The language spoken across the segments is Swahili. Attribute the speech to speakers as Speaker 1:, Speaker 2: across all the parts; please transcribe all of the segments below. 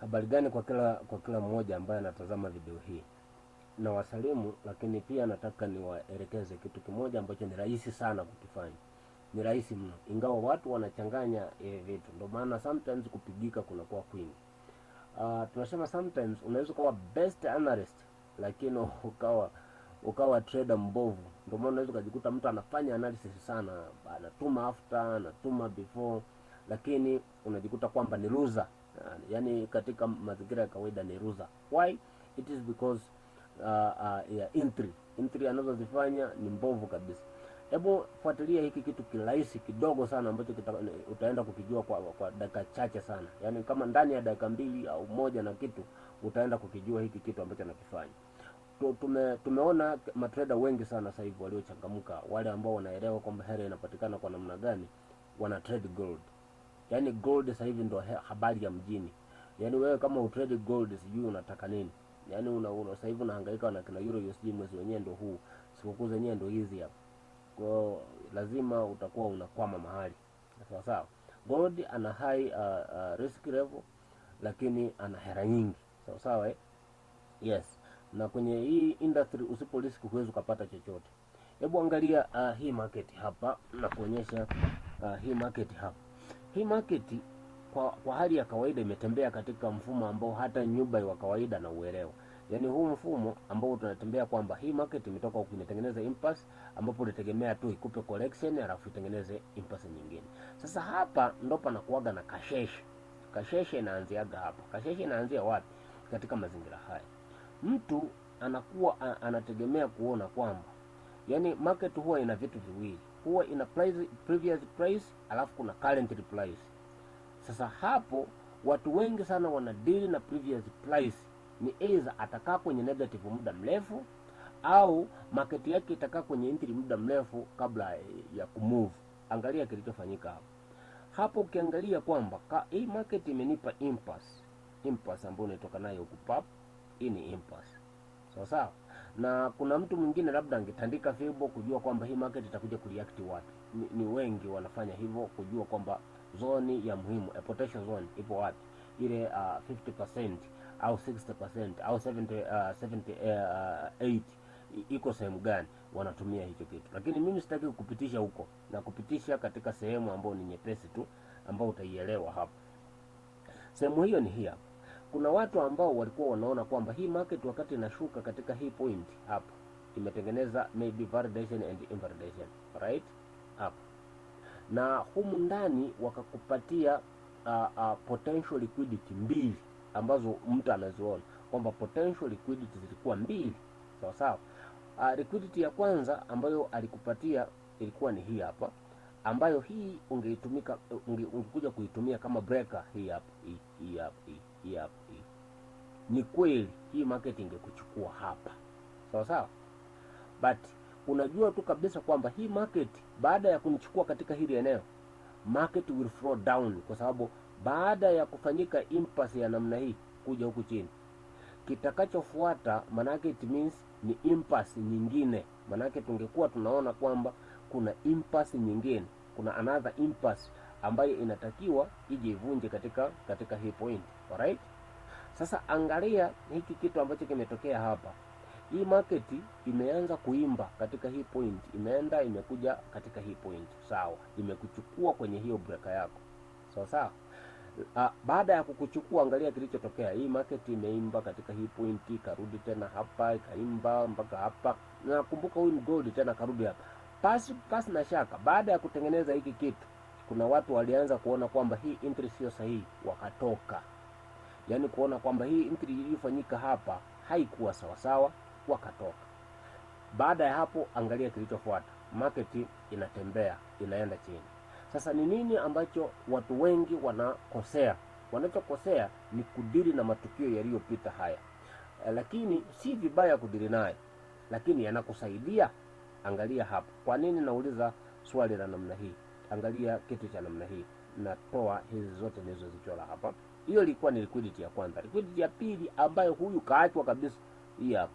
Speaker 1: Habari gani kwa kila kwa kila mmoja ambaye anatazama video hii, na wasalimu. Lakini pia nataka niwaelekeze kitu kimoja ambacho ni rahisi sana kukifanya, ni rahisi mno, ingawa watu wanachanganya hivi eh, vitu. Ndio maana sometimes kupigika kunakuwa kwingi. Uh, tunasema sometimes unaweza kuwa best analyst lakini ukawa ukawa trader mbovu. Ndio maana unaweza ukajikuta mtu anafanya analysis sana, anatuma after, anatuma before, lakini unajikuta kwamba ni loser uh, yani katika mazingira ya kawaida ni ruza. Why? It is because uh, uh, ya entry entry anazozifanya ni mbovu kabisa. Hebu fuatilia hiki kitu kirahisi kidogo sana ambacho utaenda kukijua kwa, kwa dakika chache sana, yaani kama ndani ya dakika mbili au moja na kitu utaenda kukijua hiki kitu ambacho anakifanya. Tume, tumeona matrader wengi sana sasa hivi waliochangamka, wale ambao wanaelewa kwamba hela inapatikana kwa namna gani, wana trade gold. Yaani gold sasa hivi ndo habari ya mjini. Yaani wewe kama utrade gold sijui unataka nini? Yaani una, una sasa hivi unahangaika na kina euro USD mwezi wenyewe ndo huu. Sikukuu zenyewe ndo hizi hapa. Kwa lazima utakuwa unakwama mahali. Sawa sawa. Gold ana high uh, uh, risk level lakini ana hera nyingi. Sawa sawa eh? Yes. Na kwenye hii industry usipo risk huwezi kupata chochote. Hebu angalia uh, hii market hapa na kuonyesha uh, hii market hapa. Hii market kwa, kwa hali ya kawaida imetembea katika mfumo ambao hata nyumba wa kawaida na uelewa. Yaani huu mfumo ambao tunatembea kwamba hii market imetoka huku inatengeneza impasse ambapo unategemea tu ikupe collection alafu itengeneze impasse nyingine. Sasa hapa ndo panakuaga na kasheshe. Kasheshe inaanziaga hapa. Kasheshe inaanzia wapi? Katika mazingira haya. Mtu anakuwa anategemea kuona kwamba yaani market huwa ina vitu viwili huwa ina price, previous price alafu kuna current price. Sasa hapo watu wengi sana wanadili na previous price, ni either atakaa kwenye negative muda mrefu au market yake itakaa kwenye entry muda mrefu kabla ya kumove. Angalia kilichofanyika hapo hapo, ukiangalia kwamba hii market imenipa impasse, impasse ambayo inatoka nayo huku pap, hii ni impasse sawa sawa na kuna mtu mwingine labda angetandika fibo kujua kwamba hii market itakuja kureact wapi. Ni, ni wengi wanafanya hivyo kujua kwamba zoni ya muhimu a potential zone ipo wapi, ile uh, 50% au 60% au 70, uh, uh, iko sehemu gani, wanatumia hicho kitu, lakini mimi sitaki kukupitisha huko na kupitisha katika sehemu ambayo ni nyepesi tu ambayo utaielewa hapo. Sehemu hiyo ni hii hapa kuna watu ambao walikuwa wanaona kwamba hii market wakati inashuka katika hii point hapa imetengeneza maybe validation and invalidation right up na humu ndani wakakupatia uh, uh, potential liquidity mbili ambazo mtu anaziona kwamba potential liquidity zilikuwa mbili sawa sawa. Uh, liquidity ya kwanza ambayo alikupatia ilikuwa ni hii hapa, ambayo hii ungeitumika ungekuja kuitumia kama breaker hii hapa hii hapa hii hii hapa hii. Ni kweli hii market ingekuchukua hapa sawa sawa, but unajua tu kabisa kwamba hii market baada ya kunichukua katika hili eneo, market will flow down, kwa sababu baada ya kufanyika impasse ya namna hii kuja huku chini, kitakachofuata manake it means ni impasse nyingine. Manake tungekuwa tunaona kwamba kuna impasse nyingine, kuna another impasse ambayo inatakiwa ije ivunje katika katika hii point. Alright? Sasa angalia hiki kitu ambacho kimetokea hapa. Hii market imeanza kuimba katika hii point, imeenda imekuja katika hii point, sawa? Imekuchukua kwenye hiyo breaker yako, sawa sawa. Uh, baada ya kukuchukua, angalia kilichotokea. Hii market imeimba katika hii point, ikarudi tena hapa, ikaimba mpaka hapa. na kumbuka huyu gold tena karudi hapa, pasi pasi na shaka. Baada ya kutengeneza hiki kitu, kuna watu walianza kuona kwamba hii entry sio sahihi, wakatoka yaani kuona kwamba hii entry iliyofanyika hapa haikuwa sawasawa, wakatoka. Baada ya hapo, angalia kilichofuata, market inatembea inaenda chini. Sasa ni nini ambacho watu wengi wanakosea? Wanachokosea ni kudiri na matukio yaliyopita haya, eh, lakini si vibaya kudiri naye, lakini yanakusaidia. Angalia hapo. Kwa nini nauliza swali la namna hii? Angalia kitu cha namna hii, natoa hizi zote nilizozichora hapa. Hiyo ilikuwa ni liquidity ya kwanza. Liquidity ya pili ambayo huyu kaachwa kabisa, hii hapa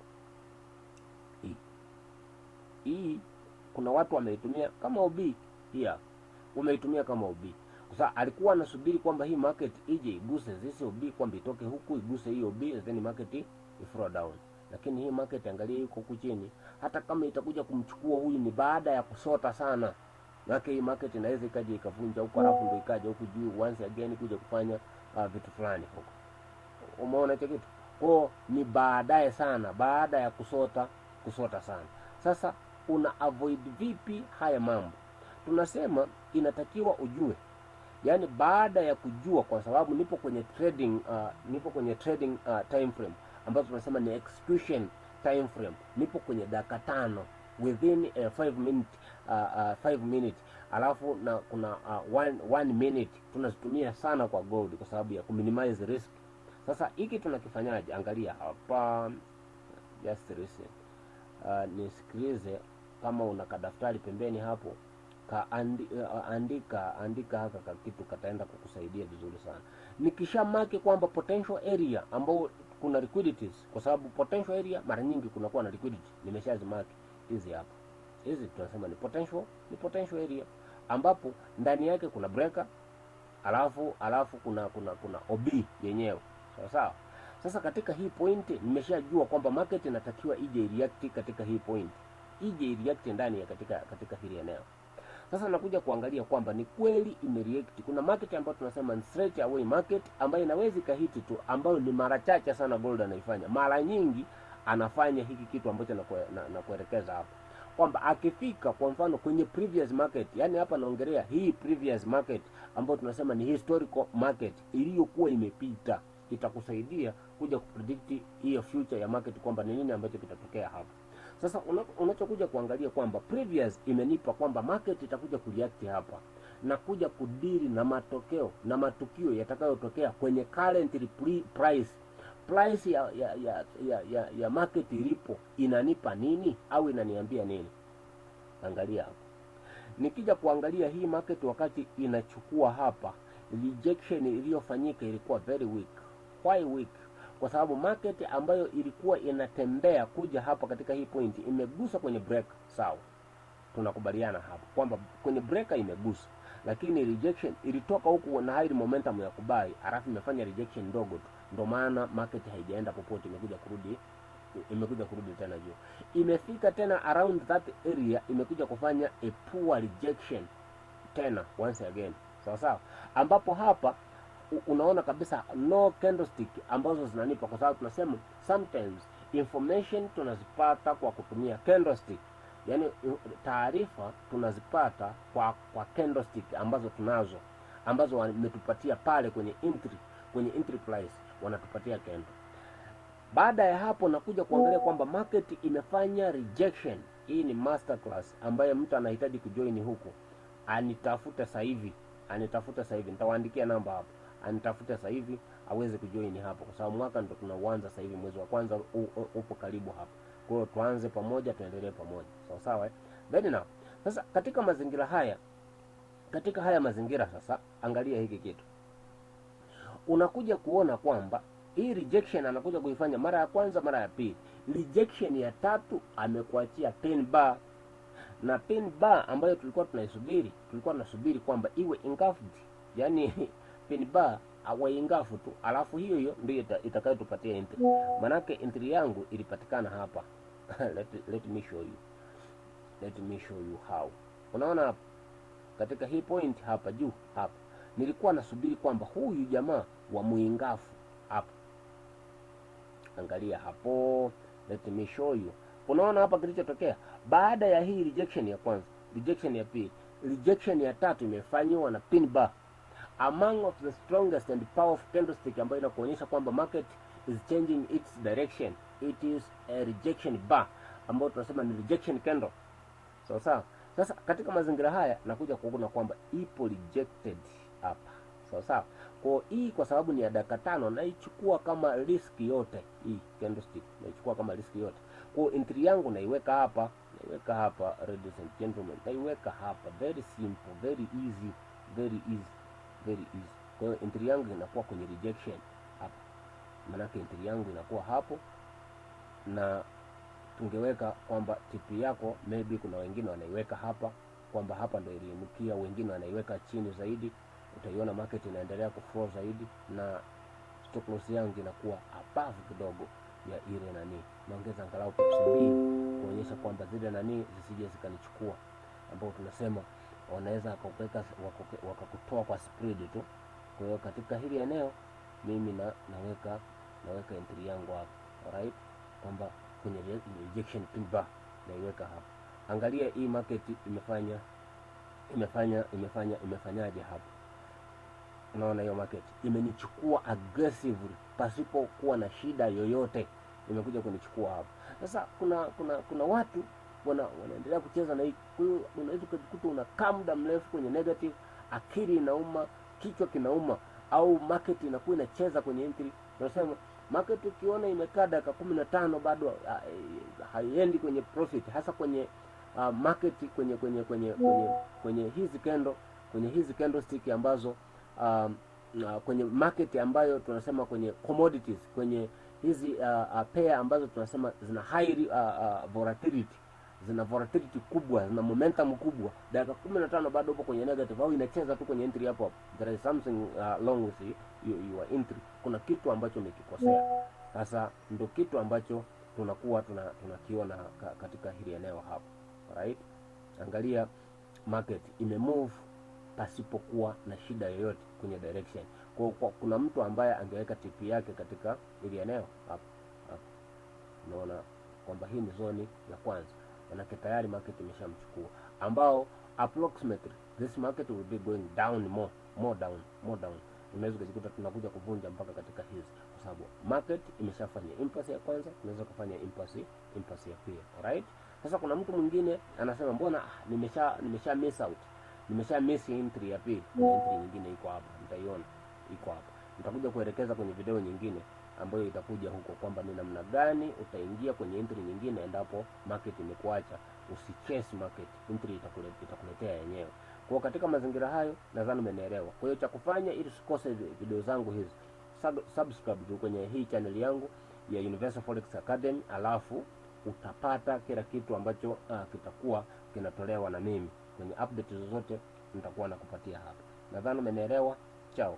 Speaker 1: hii hii, kuna watu wameitumia kama OB. Hii hapa wameitumia kama OB. Sasa alikuwa anasubiri kwamba hii market ije iguse zisi OB, kwamba itoke huku iguse hiyo OB, then market ifro down. Lakini hii market angalia, yuko huku chini, hata kama itakuja kumchukua huyu ni baada ya kusota sana, maana hii market inaweza ikaje ikavunja huko, alafu ndio ikaja huku juu once again kuja kufanya uh, vitu fulani huko. Umeona hicho kitu ko ni baadaye sana, baada ya kusota kusota sana. Sasa una avoid vipi haya mambo? Tunasema inatakiwa ujue, yaani baada ya kujua, kwa sababu nipo kwenye trading uh, nipo kwenye trading uh, time frame ambazo tunasema ni execution time frame. Nipo kwenye dakika tano within 5 uh, eh, minute uh, uh, 5 minute alafu na kuna uh, one, one minute tunazitumia sana kwa gold kwa sababu ya ku minimize risk. Sasa hiki tunakifanyaje? Angalia hapa, just listen. Uh, nisikilize kama una kadaftari pembeni hapo ka andi, uh, uh, andika andika haka ka kitu kataenda kukusaidia vizuri sana. Nikisha maki kwamba potential area ambao kuna liquidities, kwa sababu potential area mara nyingi kunakuwa na liquidity. Nimeshazimaki hizi hapa, hizi tunasema ni potential, ni potential area ambapo ndani yake kuna breaker alafu alafu kuna kuna kuna OB yenyewe sawa sawa. Sasa katika hii point nimeshajua kwamba market inatakiwa ije react katika hii point, ije react ndani ya katika katika hili eneo. Sasa nakuja kuangalia kwamba ni kweli imereact. Kuna market ambayo tunasema straight away market ambayo inaweza ikahiti tu, ambayo ni mara chache sana gold anaifanya. Mara nyingi anafanya hiki kitu ambacho nakuelekeza na, na hapo kwamba akifika kwa mfano kwenye previous market, yani hapa naongelea hii previous market ambayo tunasema ni historical market iliyokuwa imepita, itakusaidia kuja kupredict hiyo future ya market kwamba ni nini ambacho kitatokea hapa. Sasa unachokuja kuangalia kwamba previous imenipa kwamba market itakuja kureact hapa na kuja kudili na matokeo na matukio yatakayotokea kwenye current price price ya ya ya ya, ya, ya market ilipo inanipa nini au inaniambia nini? Angalia hapo. Nikija kuangalia hii market wakati inachukua hapa, rejection iliyofanyika ilikuwa very weak. Why weak? Kwa sababu market ambayo ilikuwa inatembea kuja hapa katika hii point imegusa kwenye break, sawa tunakubaliana hapo kwamba kwenye breaker imegusa, lakini rejection ilitoka huku na high momentum ya kubai, alafu imefanya rejection ndogo tu, ndio maana market haijaenda popote, imekuja kurudi imekuja kurudi tena juu, imefika tena around that area, imekuja kufanya a poor rejection tena once again, sawa sawa, ambapo hapa unaona kabisa no candlestick ambazo zinanipa, kwa sababu tunasema sometimes information tunazipata kwa kutumia candlestick yaani taarifa tunazipata kwa kwa candlestick ambazo tunazo ambazo wametupatia pale kwenye entry, kwenye entry price wanatupatia candle. Baada ya hapo nakuja kuangalia kwamba market imefanya rejection. Hii ni masterclass ambaye mtu anahitaji kujoin huku, anitafuta sasa hivi, anitafuta sasa hivi, nitawaandikia namba hapo, anitafuta sasa hivi aweze kujoin hapo, kwa sababu mwaka ndo tunauanza sasa hivi, mwezi wa kwanza upo karibu hapo. Kwa hiyo tuanze pamoja, tuendelee pamoja, sawa sawa eh? Then now sasa, katika mazingira haya, katika haya mazingira sasa, angalia hiki kitu, unakuja kuona kwamba hii rejection anakuja kuifanya mara ya kwanza, mara ya pili, rejection ya tatu amekuachia pin bar, na pin bar ambayo tulikuwa tunaisubiri, tulikuwa tunasubiri kwamba iwe engulfed, yani pin bar awaingafu tu, alafu hiyo hiyo ndio itakayotupatia entry. Manake entry yangu ilipatikana hapa let, let me show you, let me show you how. Unaona hapa katika hii point hapa juu hapa, nilikuwa nasubiri kwamba huyu jamaa wa muingafu hapa, angalia hapo, let me show you. Unaona hapa kilichotokea baada ya hii rejection ya kwanza, rejection ya pili, rejection ya tatu imefanywa na pin bar among of the strongest and powerful candlestick ambayo inakuonyesha kwamba market is changing its direction. It is a rejection bar ambayo tunasema ni rejection candle. Sawa so, sawa. Sasa katika mazingira haya nakuja kuona kwamba ipo rejected hapa. Sawa sawa. Kwa hii kwa sababu ni ya dakika tano naichukua kama risk yote hii candlestick. Naichukua kama risk yote. Kwa entry yangu naiweka hapa, naiweka hapa ladies and gentlemen. Naiweka hapa very simple, very easy, very easy very easy. Kwa hiyo entry yangu inakuwa kwenye rejection hapa, maanake entry yangu inakuwa hapo, na tungeweka kwamba TP yako maybe kuna wengine wanaiweka hapa, kwamba hapa ndio iliinukia, wengine wanaiweka chini zaidi, utaiona market inaendelea kuflow zaidi, na stop loss yangu inakuwa above kidogo ya ile nani, naongeza angalau pips mbili kuonyesha kwamba zile nani zisije zikanichukua, ambao tunasema wanaweza wakakuweka wakakutoa kwa spread tu. Kwa hiyo katika hili eneo mimi na, naweka naweka entry yangu hapa alright, kwamba kwenye rejection pin bar naiweka hapa. Angalia hii market imefanya imefanya imefanya imefanyaje hapa. Unaona hiyo market imenichukua aggressively pasipo kuwa na shida yoyote, imekuja kunichukua hapa. Sasa kuna kuna kuna watu wana, wanaendelea kucheza na hii. Kwa hiyo unaweza ukajikuta unakaa muda mrefu kwenye negative, akili inauma, kichwa kinauma, au market inakuwa inacheza kwenye entry. Tunasema market ukiona imekaa dakika kumi na tano bado ah, eh, eh, haiendi kwenye profit, hasa kwenye uh, market kwenye kwenye kwenye kwenye, kwenye hizi kendo kwenye hizi candlestick ambazo uh, uh, kwenye market ambayo tunasema kwenye commodities kwenye hizi uh, uh, pair ambazo tunasema zina high uh, uh, volatility zina volatility kubwa, zina momentum kubwa, dakika 15 bado upo kwenye negative au inacheza tu kwenye entry hapo hapo, there is something uh, wrong with you, your entry. Kuna kitu ambacho umekikosea. Sasa ndio kitu ambacho tunakuwa tunakiona tuna katika hili eneo hapo, right? Angalia market imemove pasipokuwa na shida yoyote kwenye direction. Kwa, kwa kuna mtu ambaye angeweka TP yake katika hili eneo hapo hapo, unaona kwamba hii ni zoni ya kwanza manake tayari market imeshamchukua, ambao approximately this market will be going down more more down more down. Unaweza kujikuta tunakuja kuvunja mpaka katika hizi, kwa sababu market imeshafanya impasse ya kwanza, tunaweza kufanya impasse impasse ya pili. Alright, sasa kuna mtu mwingine anasema mbona nimesha nimesha miss out, nimesha miss entry ya pili. Entry nyingine iko hapa, mtaiona iko hapa, nitakuja kuelekeza kwenye video nyingine ambayo itakuja huko kwamba ni namna gani utaingia kwenye entry nyingine endapo market imekuacha. Usichase market, entry itakuletea yenyewe. Kwa katika mazingira hayo nadhani umenielewa. Kwa hiyo cha kufanya ili usikose video zangu hizi, subscribe tu kwenye hii channel yangu ya Universal Forex Academy, alafu utapata kila kitu ambacho uh, kitakuwa kinatolewa na mimi kwenye update zozote nitakuwa nakupatia hapa. Nadhani umenielewa. Chao.